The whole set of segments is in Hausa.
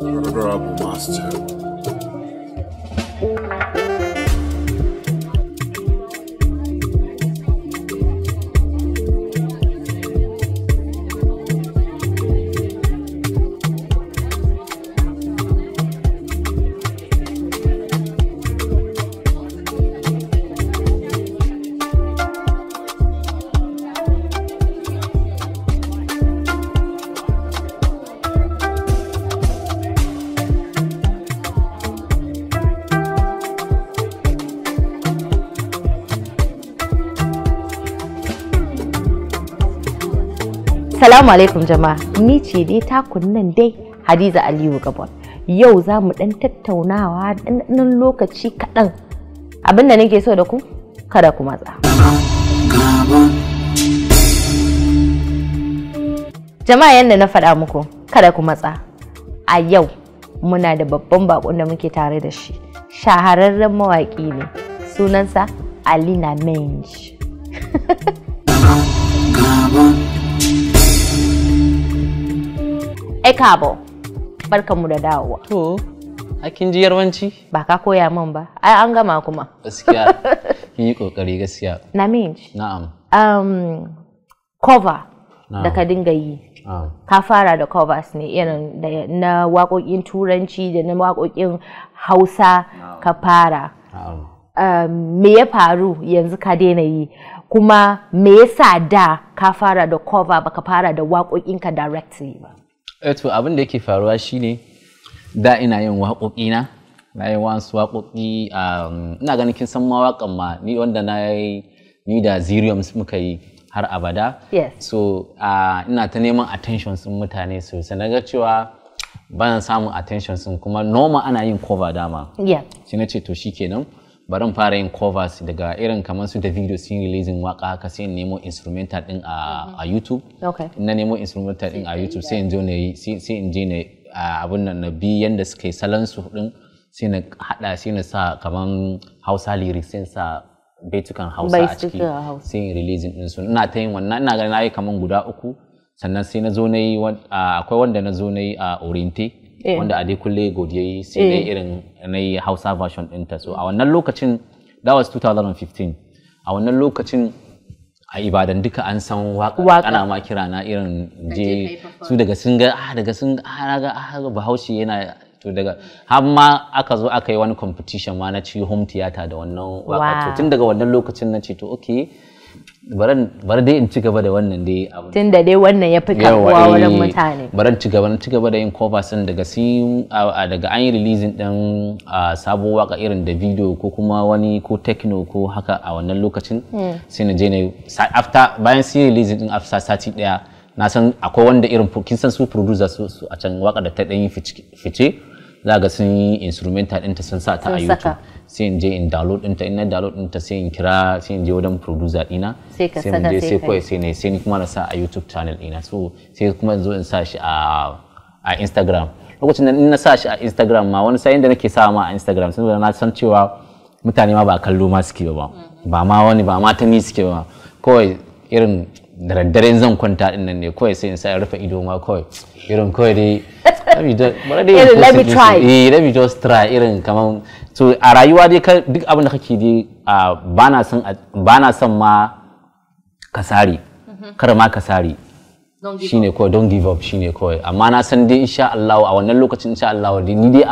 Rebel Master. Salamu alaikum jama'a, ni ce dai takun nan dai Hadiza Aliyu Gabon. Yau za mu ɗan tattaunawa ɗan lokaci kaɗan. Abin da nake so da ku, kada ku matsa. Jama'a yadda na faɗa muku, kada ku matsa. A yau muna da babban bakon da muke tare da shi. Shahararren mawaƙi ne, sunansa Alina Menj. Ai kabo. Barkanmu da dawowa. To, kin ji yarwanci? Ba ka koya min ba. Ai an gama kuma. Gaskiya. Kin yi kokari gaskiya. Na min. Na'am. Um cover da ka dinga yi. Ka fara da covers ne irin na waƙoƙin turanci da na waƙoƙin Hausa ka fara. Um, me ya faru yanzu ka daina yi kuma me yasa da ka fara da cover baka fara da waƙoƙinka directly ba Eto eh, abin da yake faruwa shine da ina yin waƙoƙi na na yi wasu waƙoƙi um, ina ganin kin san mawaƙan ma ni wanda na yi ni da zirium muka yi har abada so ina ta neman attention sun mutane sosai na ga cewa bana samun attention sun kuma normal ana yin cover dama shi na ce to shikenan bari in fara yin covers daga irin kamar su da video sun releasing waka haka sai nemo instrumental din a YouTube na nemo instrumental din a YouTube sai in je ne sai in je ne abun nan na bi yanda suke salon su din sai na hada sai na sa kamar Hausa lyrics sai sa baitukan Hausa a ciki sai in releasing din su ina ta yin wannan ina ganin nayi kamar guda uku sannan sai na zo na yi akwai wanda na zo na yi a Orinte Eh. wanda a dai kulle godiyayi sai dai eh. irin na yi hausa version ɗinta so a wannan lokacin that was 2015 a wannan lokacin a ibadan duka an san waka ana ma kira na irin je su daga sun ga ah daga sun ah ga ah, ah bahaushe yana to daga har ma aka zo aka yi wani competition ma na ci home theater da wannan waka to tun daga wannan lokacin na ce to okay bari dai in ci gaba da wannan dai abu tun da dai wannan ya fi karbuwa wurin eh, mutane bari ci gaba ci gaba da yin covers din daga sun daga an yi releasing din sabon waka irin da video ko kuma wani ko techno ko haka a wannan lokacin hmm. sai na je na after bayan sun yi releasing din after sati daya na san akwai wanda irin kin san su producer su a can waka da ta dan yi fice za ga sun yi instrumental din ta sun sa ta a YouTube sai in je in download ɗinta in na download ɗinta sai in kira sai in je wajen producer ɗina sai mu je sai kawai sai ne sai ni kuma na sa a YouTube channel ɗina so sai kuma in zo in sa shi a Instagram lokacin da in na sa shi a Instagram ma wani sa'in da nake sa ma a Instagram saboda na san cewa mutane ma ba kallo ma suke ba ba ma wani ba ma ta ni suke ba kawai irin da daddare zan kwanta din nan ne kawai sai in sa rufe ido ma kawai irin kawai dai let me try eh let me just try irin kaman so a rayuwa dai duk abin da kake dai bana san bana son ma kasari mhm. kar ma kasari shine kawai don't give up shine kawai amma na san dai insha Allah a wannan lokacin insha Allah ni dai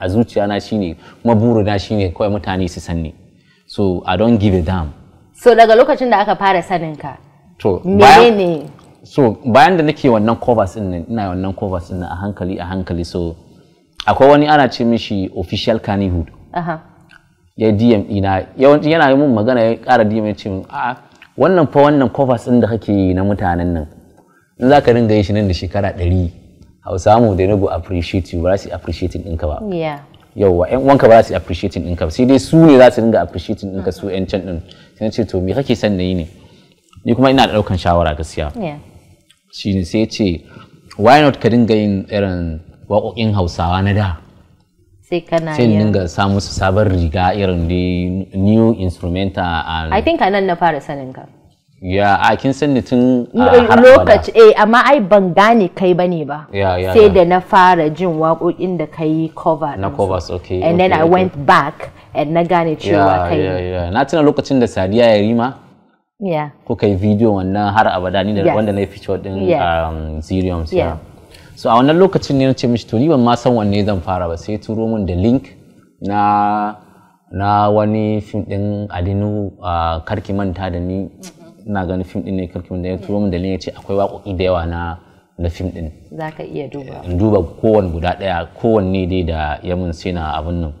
a zuciya na shine kuma burina shine kawai mutane su sanni so i don't give a damn so daga lokacin da aka fara sanin ka. to bayan so bayan da nake wannan covers din nan ina wannan covers din a hankali a hankali so akwai wani ana ce mishi official aha ya DM ina yawanci yana yi mun magana ya ƙara DM ya ce mun a wannan fa wannan covers din da kake yi na mutanen nan in za ka dinga yin shi nan da shekara ɗari hausa mu da go appreciate you ba za su appreciate ɗinka ba yauwa yan uwanka ba za su appreciating ɗinka ba sai dai su ne za su dinga appreciating ɗinka su yan can ɗin sai na ce to me kake son na yi ne ni kuma ina da ɗaukan shawara gaskiya shi ne sai ce why not ka dinga yin irin waƙoƙin hausawa na da sai kana sai dinga sa musu sabon riga irin da new instrumental and I think anan na fara sanin ka ya a kin san ni tun lokaci eh amma ai ban gane kai bane ba sai da na fara jin waƙoƙin da kai cover na cover okay and then I went back and na gane cewa kai na tuna lokacin da Sadiya Yarima Ko kai yi video wannan har abada ni da wanda na yi feature din um, so a wannan lokacin ne na ce mishi to ni ban ma san wanne zan fara ba sai turo min da link na na wani fim din Alinu uh, karki manta da ni mm-hmm. ina ganin fim din ne karki manta ya turo min da link ya ce akwai waƙoƙi da yawa na na fim din za ka iya duba in duba kowanne guda ɗaya kowanne dai da ya sai na abin nan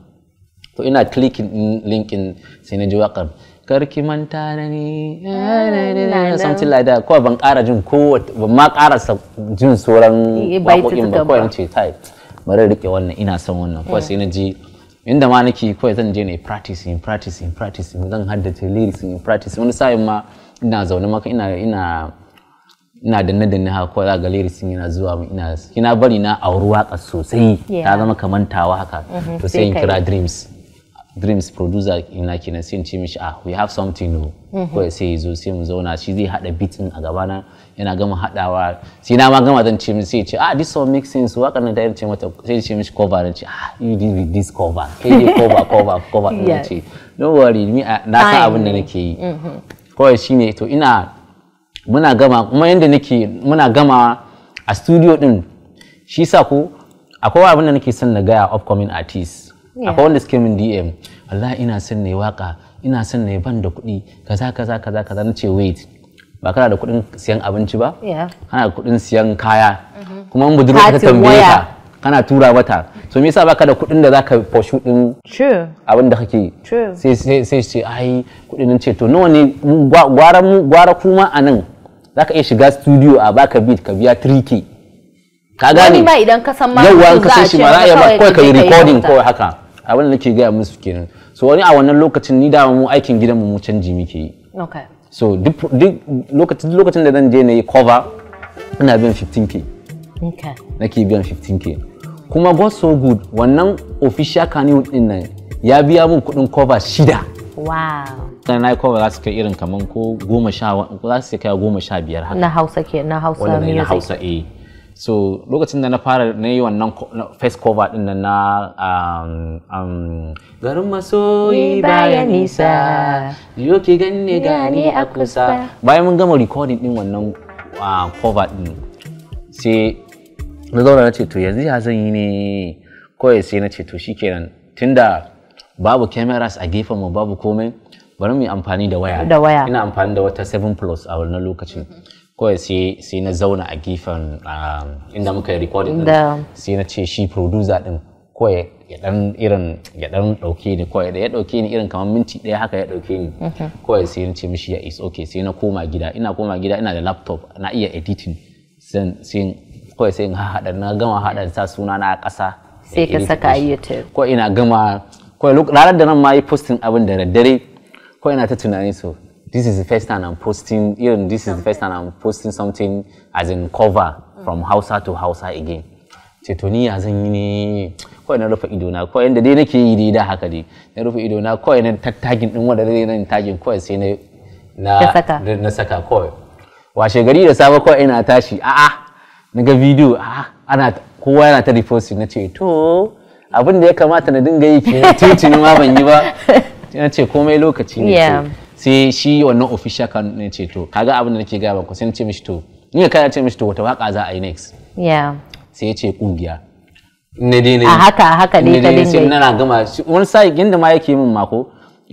to ina clicking linkin sai na ji waƙar karki manta da ni something like that kawai ban kara jin ko ban ma kara jin sauran eh, waƙoƙin ba kawai ce tai bari rike wannan ina son wannan kawai eh. sai na ji inda ma nake kawai zan je ne practice in practice in practice zan haddace lyrics in practice wani sa'in ma ina zaune maka ina ina ina danne danne haka kawai za ga lyrics yana zuwa mu ina kina bari na auri waƙa sosai ta zama kamantawa haka mm-hmm. to sai in kira dreams dreams producer ina kenan sai in ce mishi ah we have something new mhm. kawai sai yazo zo sai mu zauna shi zai hada beat din a gaba na. yana gama hadawa sai na ma gama zan ce mishi sai ce ah this song makes sense waka na dai ce mata sai ce mishi cover din ce ah you did with this cover kai dey cover cover cover din ce no worry ni ah, na san abin da nake yi mhm. kawai shine to ina muna gama kuma yanda nake muna gama a studio din shi sa ko akwai abin da nake son na gaya upcoming artists akwai wanda suke min dm wallahi ina son ne waka ina son ne ban da kuɗi kaza kaza kaza kaza na ce wait ba kana da kuɗin siyan abinci ba kana da kuɗin siyan kaya mm-hmm. kuma in budurwa ta tambaye ka kana tura mata so me yasa baka da kuɗin da zaka poshu din abin da kake sai sai sai ce ai kuɗin nan ce to nawa ne gwara mu gwara kuma anan zaka iya shiga studio a baka beat ka biya 3k ka gane ma idan ka san ma yau an ka san shi ma za a iya ba kawai ka yi recording kawai haka abin da nake gaya musu kenan so wani a wannan lokacin ni dama mu aikin gidan mu canji muke yi so duk lokacin da zan je na yi cover ina biyan 15k nake biyan 15k kuma god so good wannan official canyon din nan ya biya mun kudin cover shida wow na yi cover za su kai irin kaman ko goma sha za su kai goma sha biyar haka na hausa ke na hausa music na hausa eh so lokacin da na fara na yi wannan face cover din nan na um, um, garin masoyi baya nisa yo ki gane gani a kusa bayan mun gama recording din wannan cover din sai na zauna na ce to yanzu ya zan yi ne kawai sai na ce to shikenan tunda babu cameras a gefen mu babu komai bari mu yi amfani da waya da waya ina amfani da wata 7 plus a wannan lokacin kawai sai na zauna a gefen um, inda muka yi recording din sai na ce shi producer din kawai ya dan irin ya dan dauke ni kawai da ya dauke ni irin kamar minti daya haka ya dauke ni mhm. kawai sai na ce mishi ya is okay sai na koma gida ina koma gida ina da laptop na iya editing sai kawai sai na hada na gama hada sa suna na kasa. sai ka saka a YouTube ko ina gama kawai ranar da nan ma yi posting abin da daddare kawai ina ta tunani so this is the first time I'm posting, you know, this is the first time I'm posting something as in cover from Hausa to Hausa again. ce to ni ya zan yi ne kawai na rufe idona kawai yadda dai nake yi dai da haka dai na rufe idona kawai na tattagin din wanda dai nan tagin kawai sai na na na saka kawai washe gari da safe kawai ina tashi a'a na ga bidiyo a'a ana kowa yana ta reposting na ce to abin da ya kamata na dinga yi ke titi ma ban yi ba na ce komai lokaci ne sai shi wannan official kan ne ce to kaga abin da nake gaya ku sai ce mishi to ni ka ce mishi to wata waka za a yi next sai ya ce kungiya ne dai ne a haka haka dai ka dinga sai na gama wani sai ginda ma yake min mako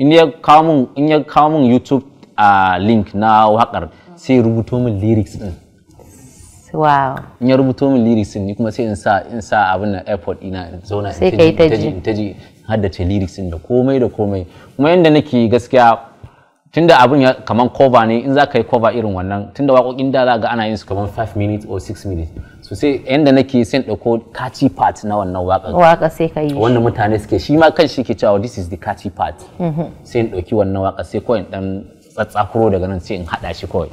in ya kawo min in ya kawo min YouTube a link na wakar sai rubuto min lyrics din wow in ya rubuto min lyrics din ni kuma sai in sa in sa abin na airport ina in zauna in taji in hadda haddace lyrics din da komai da komai kuma yanda nake gaskiya tunda abun ya kaman cover ne in za ka yi cover irin wannan tunda waƙoƙin da za ga ana yin su kaman 5 minutes or 6 minutes so sai yanda nake sai ɗauko catchy part na wannan waƙar waƙa sai ka yi wanda mutane suke shi ma kan shi ke cewa this is the catchy part mm-hmm. sai ɗauki wannan waƙa sai kawai dan tsatsakuro daga nan sai in haɗa shi kawai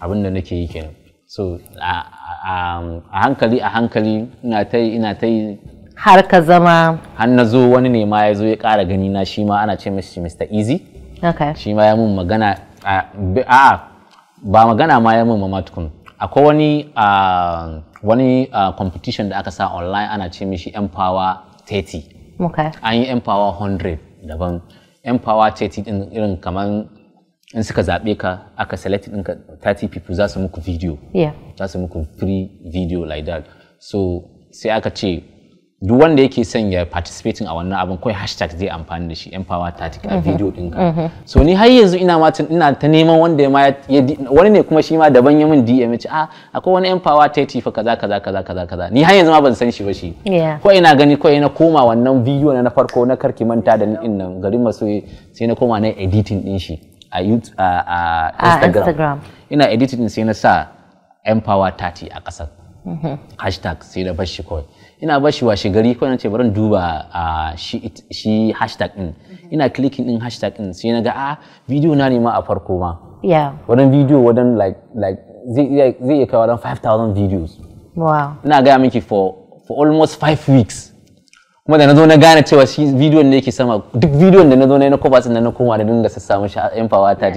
abin da nake yi kenan so um, a hankali a hankali ina ta yi ina ta yi har ka zama har na zo wani ne ma ya zo ya ƙara gani na shi ma ana ce Mr. Easy shi ma ya mun magana a ba magana ma ya mun ma matukun akwai wani wani competition da aka sa online ana ce mishi empower 30 an yi empower 100 daban empower 30 din irin kamar in suka zaɓe ka aka select din ka 30 people za su muku video za su muku free video like that so sai aka ce duk wanda yake son ya participating a wannan abin kawai hashtag zai amfani da shi empower tactic a mm-hmm. video dinka mm-hmm. so ni har yanzu ina ma ina ta neman wanda ya ma wani ne kuma shi ma daban ya min DM ce ah akwai wani empower tactic fa kaza kaza kaza kaza kaza ni har yanzu ma ban san shi ba shi ko ina gani ko ina koma wannan video na na farko na karki manta da in nan garin masoyi sai na koma na editing din shi a Instagram ina editing sai na sa empower tati a kasar. hashtag sai da bashi kawai ina bashi washe gari kawai ce bari duba a ah, shi hashtag din mm-hmm. ina clicking din hashtag din sai na ga a ah, video na ne ma a farko ma wadan video wadan like like zai iya kai wadan 5000 videos wow ina ga miki for for almost 5 weeks kuma da na zo na gane cewa shi video ne yake sama duk video da na zo na yi na koba sun na koma da dinga sassa shi a yan fawa ta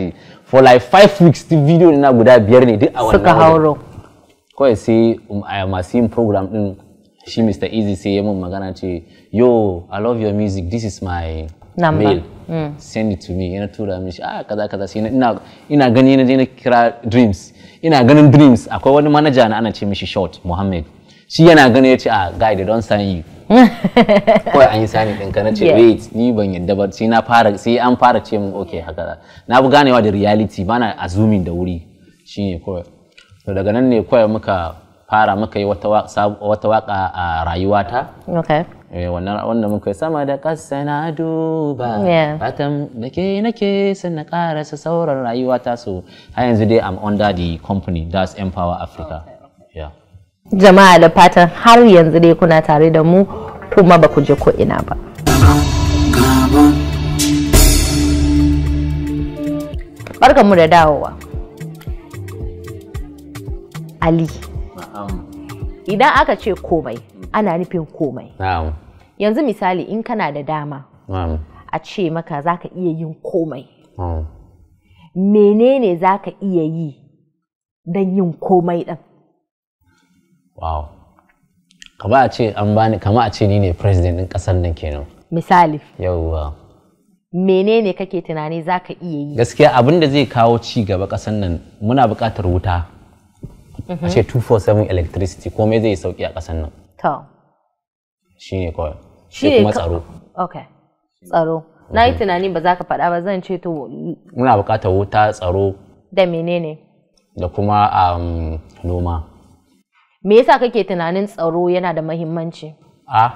for like 5 weeks duk ne na guda biyar ne duk a wannan suka hauro kawai sai um, masu yin program din shi Mr. Easy sai ya mun magana ce yo I love your music this is my Number. mail mm. send it to me yana tura min shi ah kaza kaza sai ina ina gani na je kira dreams ina ganin dreams akwai wani manaja na ana ce mishi short Muhammad shi yana gani ya ce ah guy they don't sign you kawai an yi sani ɗinka na ce wait ni ban yadda ba sai na fara sai an fara ce min ok haka na bu ganewa da reality bana azumin da wuri shine kawai to daga nan ne kawai muka fara muka yi wata waka a rayuwata eh, wanda muka yi sama da ƙasa na duba fatan da ke nake sun na ƙarasa sauran rayuwata su har yanzu dai am under the company that's empower africa jama'a da fatan har yanzu dai kuna tare da mu kuma ba ku je ko ina ba barkanmu da dawowa ali idan aka ce komai ana nufin komai yanzu misali in kana da dama a ce maka za ka iya yin komai menene za ka iya yi don yin komai ɗin wow kama a ce an bani kama a ce ni ne president ɗin ƙasar nan kenan misali yawwa menene kake tunani za ka iya yi gaskiya abin da zai kawo ci gaba ƙasar nan muna buƙatar wuta a ce 247 electricity komai zai sauki a ƙasan nan shi ne kawai shi kuma tsaro ok tsaro na yi tunani ba za ka faɗa ba zan ce to muna buƙatar wuta tsaro da menene da kuma um, noma me yasa kake tunanin tsaro yana da mahimmanci a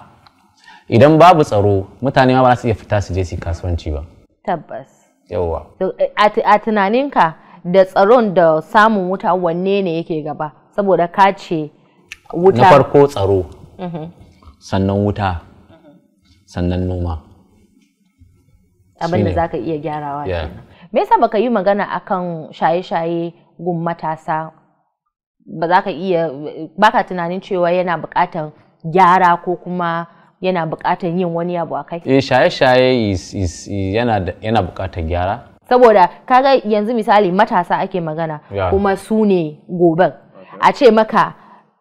idan babu tsaro mutane ma ba za su iya fita su je su kasuwanci ba tabbas yawwa eh, a tunaninka da tsaron da samun wuta wanne ne yake gaba saboda ka ce wuta na farko tsaro mhm. sannan wuta sannan noma abinda da ka iya gyarawa me yasa baka yi magana akan shaye-shaye gun matasa ba za ka iya baka tunanin cewa yana bukatar gyara ko kuma yana bukatar yin wani abu a kai eh, shaye-shaye yana buƙatar gyara saboda kaga yanzu misali matasa ake magana kuma su ne goben a ce maka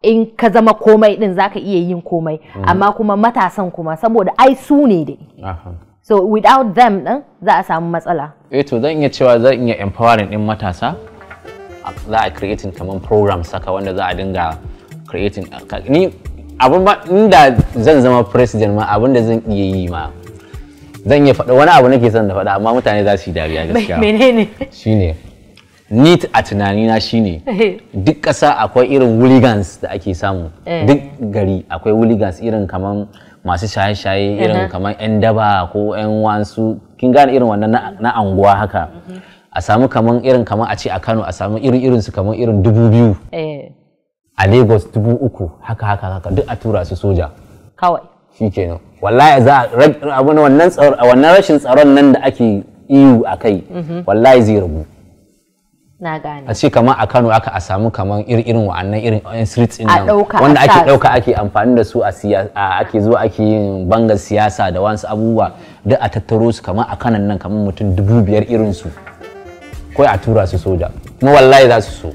in ka zama komai din zaka iya yin komai mm. amma kuma matasan kuma saboda ai su ne dai so without them din za a samu matsala eh to zan iya cewa zan iya empowering din matasa za a creating kaman program saka wanda za a dinga creating ni ba da zan zama president ma abun da zan iya yi ma zan iya faɗa wani abu nake son da faɗa amma mutane za su yi dariya gaskiya menene shine ni a tunani shi shine eh. duk ƙasa akwai irin hooligans da ake samu eh. duk gari akwai hooligans irin kaman masu shaye-shaye irin uh-huh. kaman 'yan daba ko 'yan wansu kin gane irin wannan na anguwa haka a samu kaman irin kaman a ce a kano a samu irin irin su kaman irin dubu biyu eh. a lagos dubu uku haka haka haka duk a tura su soja kawai shikenan wallahi za abin wannan wannan rashin tsaron nan da ake iyu a kai mhm. wallahi zai rabu na gane a ce kamar a Kano aka a samu kamar irin wa'annan irin in streets din nan wanda ake dauka ake amfani da su a ake zuwa ake yin bangar siyasa da wasu abubuwa duk a tattaro su kamar a kanan nan kamar mutum dubu biyar irin su ko a tura su soja kuma wallahi za su so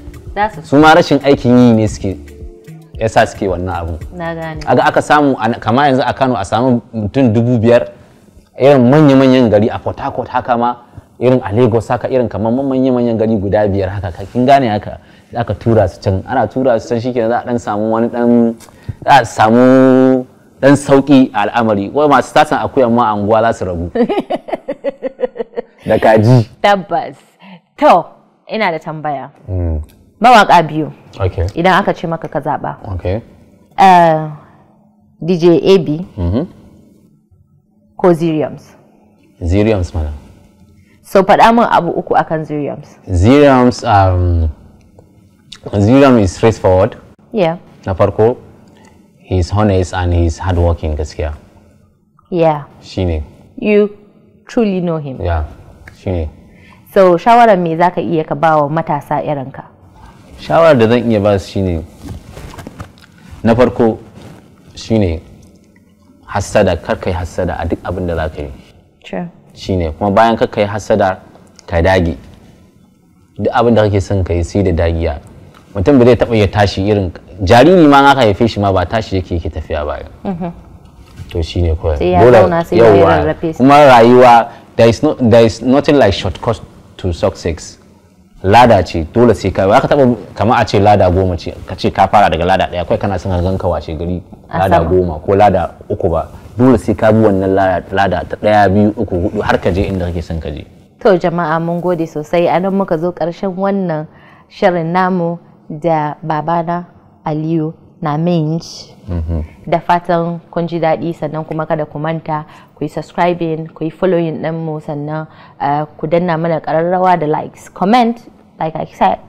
su ma rashin aikin yi ne suke ya sa suke wannan abu na gane aga aka samu kama yanzu a Kano a samu mutum dubu biyar irin manya-manyan gari a Port Harcourt haka ma irin a Lagos haka irin kamar manya-manyan gari guda biyar haka kin gane haka aka tura su can ana tura su can shikenan za a dan samu wani dan za a samu dan sauki a al'amari wai masu tatan akuya ma anguwa za su rabu da kaji tabbas to ina da tambaya mm. mawaka biyu okay. idan aka ce maka ka zaɓa okay. Eh, dj ab mhm. ko ziriams ziriams mana so faɗa min abu uku akan ziriams ziriams um, ziriam is straightforward yeah. na farko is honest and he's hardworking gaskiya yeah shine you truly know him yeah shine so shawara me zaka iya ka bawa matasa irinka shawarar da zan iya ba su shine na farko shine hassada kar kai hassada a duk abin da za ka yi shine kuma bayan kar kai hassada ka dage duk abin da kake son ka yi sai da dagiya mutum ba zai taɓa ya tashi irin jariri ma aka haife shi ma ba tashi yake yake tafiya ba mm-hmm. to shine kawai dole yawa kuma rayuwa there is no there is nothing like shortcut to success lada ce dole sai ka ka taba kamar a ce lada goma ce ka ce ka fara daga lada daya kai kana son hangan ka washe gari lada goma ko lada uku ba dole sai ka bi wannan lada ta daya biyu uku hudu har ka je inda kake son ka je to jama'a mun gode sosai a nan muka zo karshen wannan shirin namu da babana aliyu na minj mm-hmm. da fatan kun ji daɗi sannan kuma kada ku manta ku yi subscribing ku yi following mu sannan eh, ku danna mana ƙararrawa da likes comment like I said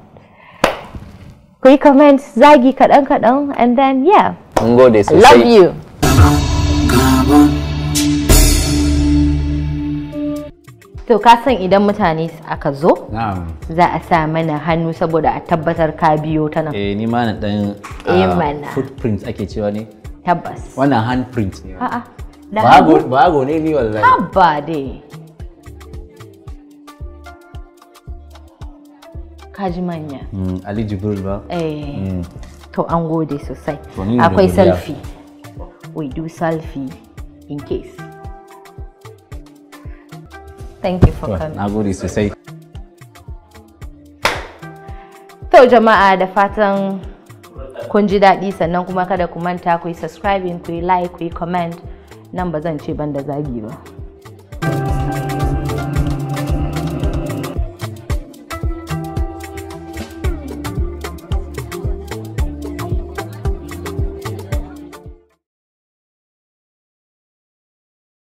ku yi comment zagi kaɗan-kaɗan and then yeah. Love you. to ka san idan mutane aka zo za a sa mana hannu saboda a tabbatar ka biyo ta nan eh ni ma na dan eh, ah, footprint ake cewa ne tabbas wannan handprint ne a'a bago ne ni wallahi habba dai kaji manya hmm, ali jibril ba eh hmm. to an gode sosai akwai selfie we do selfie in case Thank you for coming. Na sosai. To jama'a da fatan kun ji daɗi sannan kuma kada ku manta ku yi subscribing ku yi like ku comment nan ba zan ce ban da zagi ba.